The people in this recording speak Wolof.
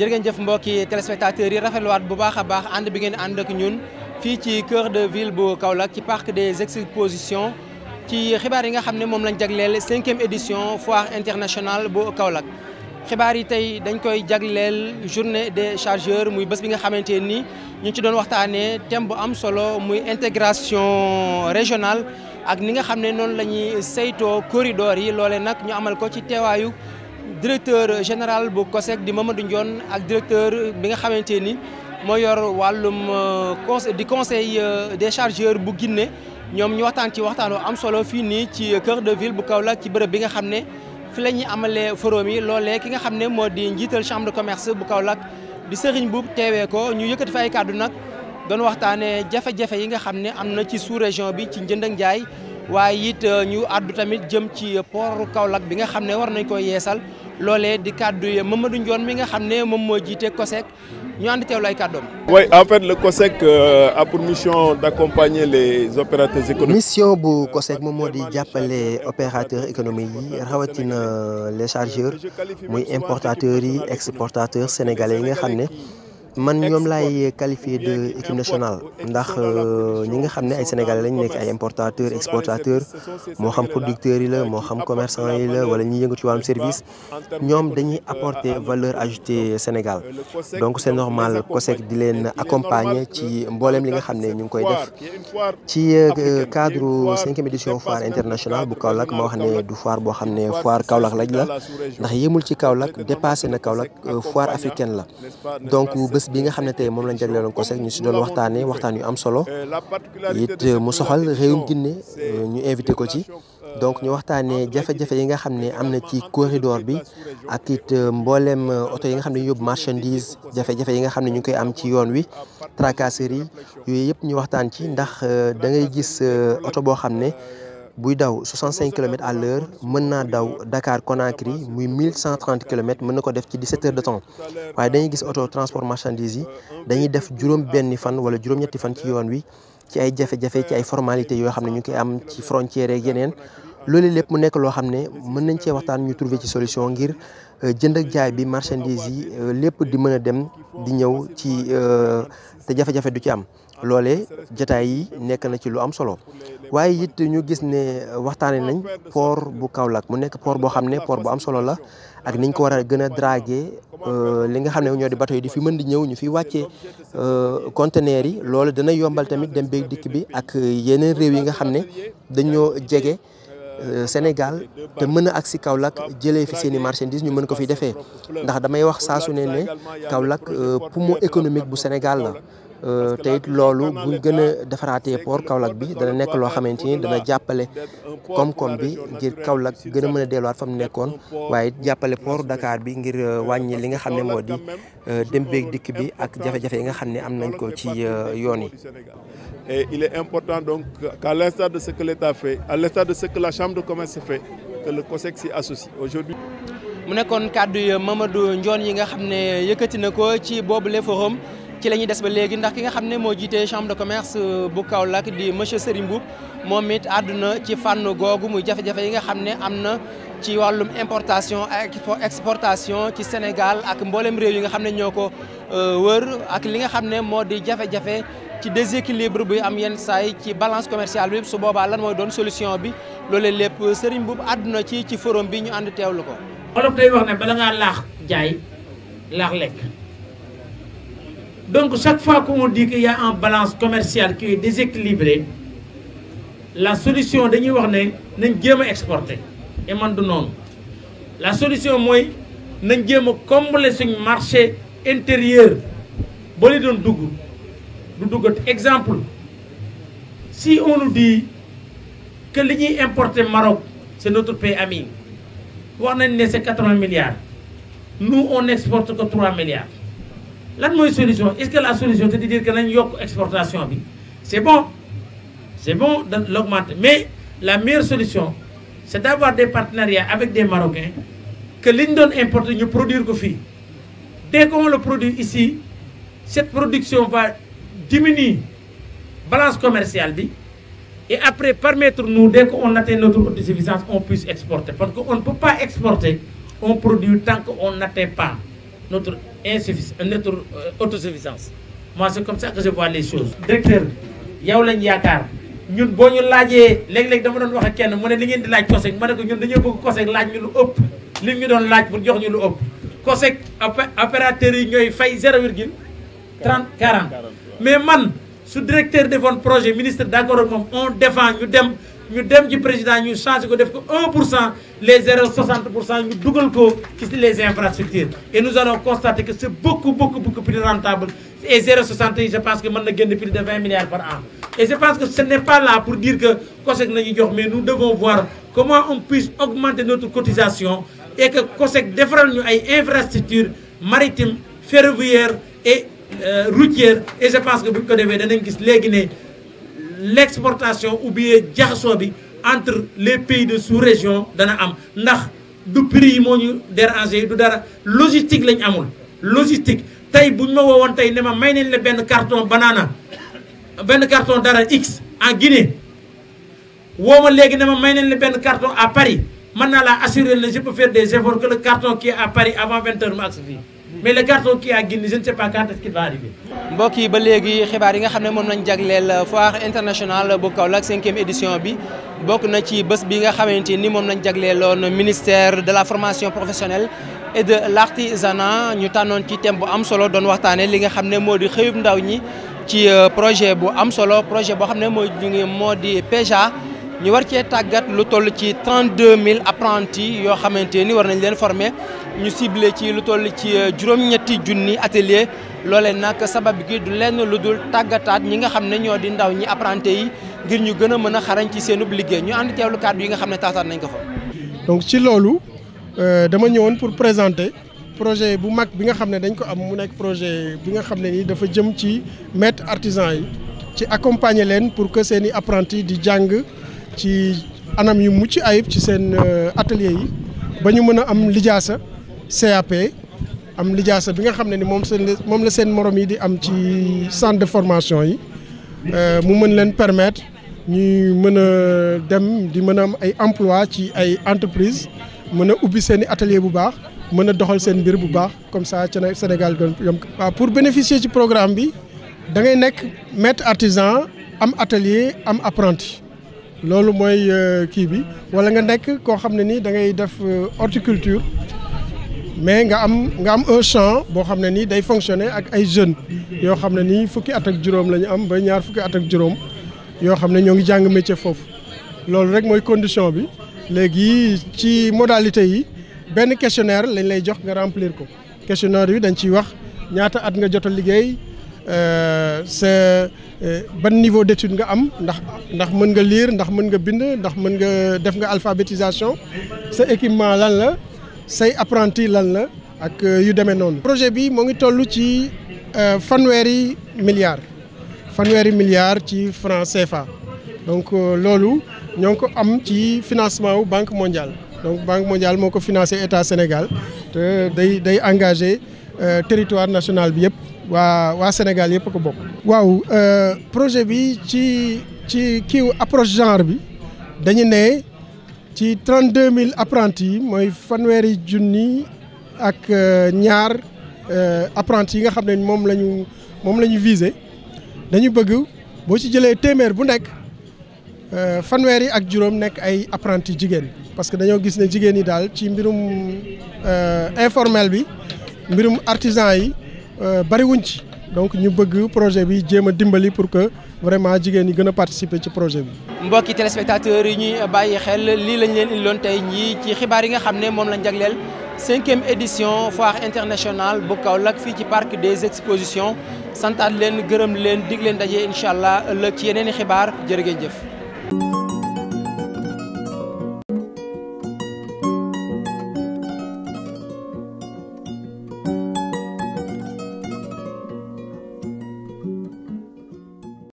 jërë ngeen jëf mbokki téléspectateurs yi rafetluwaat bu baax a baax ànd bi ngeen ànd ak ñun fii ci cœur de ville bu Kaolack ci park des expositions ci xibaar yi nga xam ne moom lañ jagleel cinquième édition foire internationale bu Kaolack. xibaar yi tey dañ koy jagleel journée des chargeurs muy bés bi nga xamante ni ñu ci doon waxtaanee thème bu am solo muy intégration régionale ak ni nga xam ne noonu la ñuy saytoo corridor yi loole nag ñu amal ko ci teewaayu. directeur général bu COSEC di Mamadou Ndione ak directeur bi nga xamante ni moo yor wàllum euh, conseil di conseil euh, des chargeurs bu Guinée ñoom ñu waxtaan ci waxtaan am solo fii nii ci cœur de ville bu Kaolack ci bërëb bi nga xam ne fi la ñuy amalee forum yi loole ki nga xam ne moo di njiital chambre de commerce bu Kaolack di Serigne Boub teewee ko ñu yëkkati fa ay kàddu nag doon waxtaanee jafe-jafe yi nga xam ne am na ci sous région bi ci njënd ak njaay waaye it euh, ñu àddu tamit jëm ci port Kaolack bi nga xam ne war nañ koy yeesal loole di kàddu yi Mamadou Ndione mi nga xam ne moom moo jiite COSEC ñu ànd teewlu ay kàddoom. oui en fait le COSEC euh, a pour mission bu COSEC moom moo di jàppale opérateurs économiques yi rawatina euh, les chargeurs muy importateurs yi exportateurs sénégalais yi nga xam ne. man ñoom laay qualifié de équipe nationale ndax euh, ñi nga xam ne ay sénégal lañ nekk ay importateurs exportateurs moo xam producteurs yi la moo xam commerçant yi la wala ñi yëngu ci wàllum service ñoom dañuy euh, apporter valeur ajoutée Sénégal euh, donc c'est normal COSEC di leen accompagner ci mbooleem li nga xam ne ñu ngi koy def ci cadre cinquième édition foire internationale bu Kaolack ma wax ne du foire boo xam ne foire Kaolack lañ la ndax yemul ci Kaolack dépasé na Kaolack foire africaine la bés bi nga xam ne tey moom lañ jagleeloon COSEC ñu si doon waxtaanee waxtaan yu am solo it euh, mu soxal réewum Guinée euh, ñu invité ko ci donc ñu waxtaanee jafe-jafe yi nga xam ne am na ci corridor bi ak it euh, mbooleem oto yi nga xam ne yóbbu marchandise jafe-jafe yi nga xam ne ñu ngi koy am ci yoon wi tracasserie yooyu yëpp ñu waxtaan ci ndax da ngay gis oto boo xam ne buy daw 65 kilomètres à l'heure mën naa daw Dakar Conakry muy 1130 kilomètres mën na ko def ci 17 heures de temps waaye dañuy gis auto transport marchandise yi dañuy def juróom benni fan wala juróom-ñetti fan ci yoon wi ci ay jafe-jafe ci ay formalités yoo xam ne ñu ngi koy am ci frontière ak yeneen loolu lépp mu nekk loo xam ne mën nañ cee waxtaan ñu trouver ci solution ngir euh, jënd ak jaay bi marchandise yi euh, lépp di mën a dem di ñëw ci euh, te jafe-jafe du ci am loole jataay yi nekk na ci lu am solo waaye it ñu gis ne waxtaane nañ port bu kaw Kaolack mu nekk port boo xam ne port bu am solo la ak niñ ko war a gën a draguer li nga xam ne ñoo di bateau yi di fi mën di ñëw ñu fi wàccee conteneurs yi loole dana yombal tamit dem beeg dikk bi ak yeneen réew yi nga xam ne dañoo jege Euh, Sénégal te mën a agsi Kaolack jëlee fi seen i marchandises ñu mën ko fi defee ndax damay wax saa su ne ne Kaolack euh, poumon économique bu Sénégal la Euh, te it loolu buñ gën a defaraatee port Kaolack bi dana nekk loo xamante ni dana jàppale koom-koom bi ngir Kaolack gën a mën a delluwaat fa mu nekkoon waaye jàppale port Dakar bi ngir euh, wàññi li nga xam ne moo di euh, dem beeg dikk bi ak jafe yi nga xam ne am nañ ko ci yoon yi. Et important donc qu'à l'instar de ce que l'État de ce que la Chambre de commerce fait, que nga xam ne yëkkati na ko ci boobule forum. ci la ñuy des ba léegi ndax ki nga xam ne moo jiite chambre de commerce euh, bu Kaolack di monsieur Serigne Mboup moom it àdduna ci fànn googu muy jafe-jafe yi nga xam ne am na ci wàllum importation ak exportation ci Sénégal ak mboolem réew yi nga xam ne ñoo ko euh, wër ak li nga xam ne moo di jafe-jafe ci déséquilibre bi am yenn saay ci balance commerciale bi su boobaa lan mooy doon solution bi loolee lépp Serigne Mboup àdduna ci ci forum bi ñu ànd teewlu ko. Wolof day wax ne bala ngaa laax jaay laax lekk. Donc chaque fois qu'on dit qu'il y a un balance commerciale qui est déséquilibrée, la solution dañuy wax ne nañ jéem a exporter et man du noonu la solution mooy nañ jéem a combler suñ marché intérieur ba doon dugg du duggat exemple si on nous dit li ñuy importer Maroc c'est notre pays ami wax nañ ne c'est 80 milliards nous on exporte que 3 milliards lan mooy solution est-ce que la solution c'est de dire que nañ yokk exportation bi c'est bon c'est bon de l'augmenter mais la meilleure solution c'est d'avoir des partenariats avec des Marocains que liñ doon importer ñu produire ko fii dès qu'on le produit ici cette production va diminuer balance commerciale bi et après permettre nu dès on atteint notre autosuffisance on puisse exporter parce qu'on ne peut pas exporter on produit tant on n'atteint pas notre insuffis notre euh, autosuffisance moi c'est comme ça que je vois les choses directeur yow lañ yaakaar ñun boo ñu laajee léeg-léeg dama doon wax ak kenn mu ne li ngeen di laaj COSEC ma ne ko ñun dañoo bëgg COSEC laaj ñu lu ëpp li ñu doon laaj pour jox ñu lu ëpp COSEC opérateurs yi ñooy fay 0 virgule 30 40 mais man su directeur defoon projet ministre d'accord ak moom on défend ñu dem ñu dem ji président ñu changé ko def ko 1 pour cent les 0,60 pour cent ñu dugal ko ci les infrastructures et nous allons constater que c' est beaucoup beaucoup beaucoup plus rentable et 0,60 yi je pense que mën na génn plus de 20 milliards par an et je pense que ce n' est pas là pour dire que COSEC nañu jox mais nous devons voir comment on puisse augmenter notre cotisation et que COSEC defaral ñu ay infrastructures maritimes ferroviaires et euh, routières et je pense que bu ñu ko defee danañ gis léegi ne l'exportation ou bien jaxasoo bi entre les pays de sous régions dana am ndax du prix yi moo ñu déranger du dara logistique lañ amul logistique tey bu ñu ma woowoon tey ne ma may nañ la benn carton banana benn carton dara x en Guinée woo ma léegi ne ma may nañ la benn carton à Paris mën naa laa assurer ne je peux faire des efforts que le carton à Paris avant 20 heures fii mais le carton qui a gagné ne sais pas mbokk yi ba léegi xibaar yi nga xam ne moom lañ jagleel foire internationale bu Kaolack cinquième édition bi bokk na ci bës bi nga xamante ni moom lañ jagleeloon ministère de la formation professionnelle et de l'artisanat ñu tànnoon ci thème bu am solo doon waxtaanee li nga xam ne moo di xëyub ndaw ñi ci euh, projet bu am solo projet boo xam ne moo ñu moo di PEJA ñu war cee tàggat lu toll ci 32 000 apprentis yoo xamante ni war nañu leen former. ñu cible ci lu toll ci euh, juróom-ñetti junni atelier loolee nag sabab gi du lenn lu dul tàggataat ñi nga xam ne ñoo di ndaw ñi apprenti yi ngir ñu gën a mën a xarañ ci seenub liggéey ñu ànd teewlu kàddu yi nga xam ne taataan nañ ko fa. donc ci loolu euh, dama ñëwoon pour présenter projet bu mag bi nga xam ne dañ ko am mu nekk projet bi nga xam ne nii dafa jëm ci maître artisan yi ci accompagner leen pour que seen i apprentis di jàng ci anam yu mucc ayib ci seen euh, atelier yi ba ñu mën a am lijaasa. CAP am lijaa lijaasa bi nga xam ne ni moom seen moom la seen moroom yi di am ci centre de formation yi euh, mu mën leen permettre ñuy mën a dem di mën a am ay emploi ci ay entreprise mën a ubbi seeni atelier bu baax mën a doxal seen mbir bu baax comme ça ci Sénégal gën yom pour bénéficier ci programme bi da ngay nekk maître artisan am atelier am apprenti loolu mooy euh, kii bi wala nga nekk koo xam ne nii da ngay def euh, horticulture mais nga am nga am un champ boo xam ne nii day fonctionner ak ay jeunes yoo xam ne nii fukki at ak juróom la ñu am ba ñaar fukki at ak juróom yoo xam ne ñoo ngi jàng métier foofu loolu rek mooy condition bi léegi ci modalité yi benn questionnaire lañ lay jox nga remplir ko questionnaire bi dañ ciy wax ñaata at nga jot a liggéey euh, sa euh, ban niveau d'étude nga am ndax ndax mën nga liir ndax mën nga bind ndax mën nga def nga alphabétisation sa équipement lan la say apprenti lan la ak euh, yu demee noonu. projet bi moo ngi tollu ci euh, fanweeri milliards fanweeri milliards ci franc fa donc euh, loolu ñoo ngi ko am ci financement wu banque mondiale donc banque mondiale moo ko financé état Sénégal te day day engagé territoire national bi yëpp waa waa Sénégal yëpp ko bokk. waaw projet bi ci ci kiiw approche genre bi dañu ne. ci deux mille apprentis yi mooy fanweeri junni ak euh, ñaar euh, apprentis yi nga xam ne moom la ñu moom la ñu visé dañu bëgg boo ci jëlee téeméer bu nekk euh, fanweeri ak juróom nekk ay apprentis jigéen parce que dañoo gis ne jigéen yi daal ci mbirum informel bi mbirum artisan yi bariwuñ ci. donc ñu bëgg projet bi jéem a dimbali pour que vraiment jigéen ñi gën a participer ci projet bi. mbokki téléspectateurs yi ñuy bàyyi xel lii lañ leen indiloon tey ñii ci xibaar yi nga xam ne moom lañ jagleel cinquième édition foire internationale bu kaw Kaolack fii ci parc des expositions santaat leen gërëm leen dig leen daje incha allah ëllëg ci yeneen i xibaar jërë ngeen jëf.